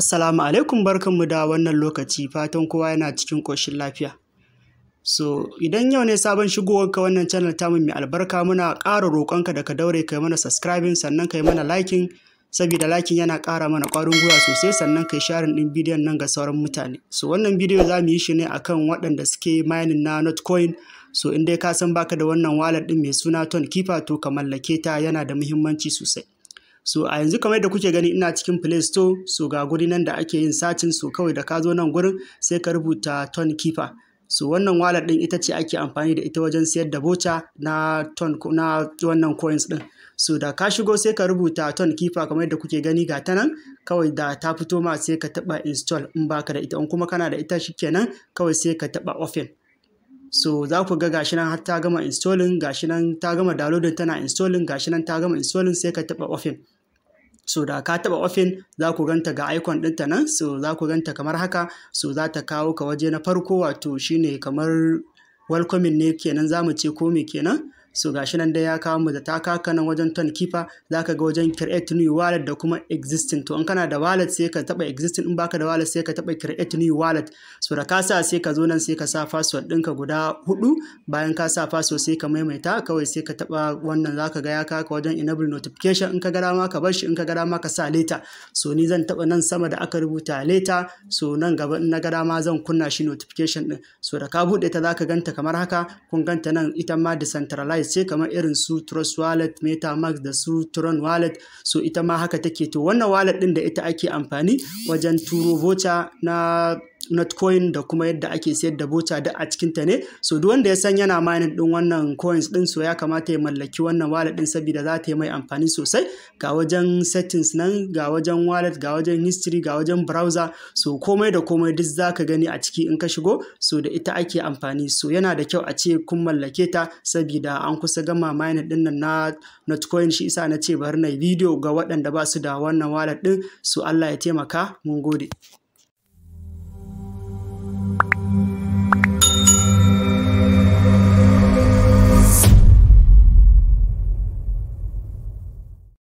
Assalamu alaikum barkanmu da wannan lokaci fatan kowa yana cikin ƙoshin lafiya. So idan yau ne sabon shigowarka wannan channel ta mai albarka muna ƙara roƙonka da ka daure kai mana subscribing sannan kai mana liking saboda liking yana ƙara mana ƙwarin gwiwa sosai sannan kai sharing ɗin bidiyon nan ga sauran mutane. So wannan bidiyo za mu yi shi ne akan waɗanda suke mining na Notcoin so in dai ka san baka da wannan wallet ɗin mai suna Ton Keeper to ka mallake ta yana da muhimmanci sosai. so a yanzu kamar yadda kuke gani ina cikin play store so ga guri nan da ake yin sacin so kawai da ka zo nan gurin sai ka rubuta ton keeper so wannan wallet din ita ce ake amfani da ita wajen sayar da bocha na ton na wannan coins din so da ka shigo sai ka rubuta ton kifa kamar yadda kuke gani ga ta nan kawai da ta fito ma sai ka taba install in baka da ita in kuma kana da ita shikenan kawai sai ka taba open so za ku ga gashi nan har ta gama installing gashi nan ta gama downloading tana installing gashi nan ta gama installing sai ka taba open so da ka taba ofin za ku ganta ga icon ɗinta nan so za ku ganta kamar haka so za ta kawo ka waje na farko wato shine kamar welcoming ne kenan za mu ce ko me kenan so gashi nan dai ya kawo mu da takaka nan wajen ton kifa zaka ga wajen create new wallet da kuma existing to in kana da wallet sai ka taba existing in baka da wallet sai ka taba create new wallet so da ka sa sai ka zo nan sai ka sa password ɗinka guda hudu bayan ka sa password sai ka maimaita kawai sai ka taba wannan ka ga ya kawo wajen enable notification in ka ga dama ka bar shi in ka ga dama ka sa later so ni zan taba nan sama da aka rubuta later so nan gaba in na ga dama zan kunna shi notification din so da ka bude ta zaka ganta kamar haka kun ganta nan ita ma decentralized wallets ce kamar irin su Trust wallet, MetaMask da su Tron wallet so ita ma haka take to wannan wallet ɗin da ita ake amfani wajen turo voucher na notcoin da kuma yadda ake sayar da bota duk a cikin ta ne so duk wanda ya san yana mining din wannan coins din so ya kamata ya mallaki wannan wallet din saboda za ta yi mai amfani sosai ga wajen settings nan ga wajen wallet ga wajen history ga wajen browser so komai da komai duk zaka gani a ciki in ka shigo so da ita ake amfani so yana da kyau a ce kun mallake ta saboda an kusa gama mining din nan na netcoin shi isa na ce bari na yi. Video ga waɗanda ba su da wannan wallet din so Allah ya taimaka mun gode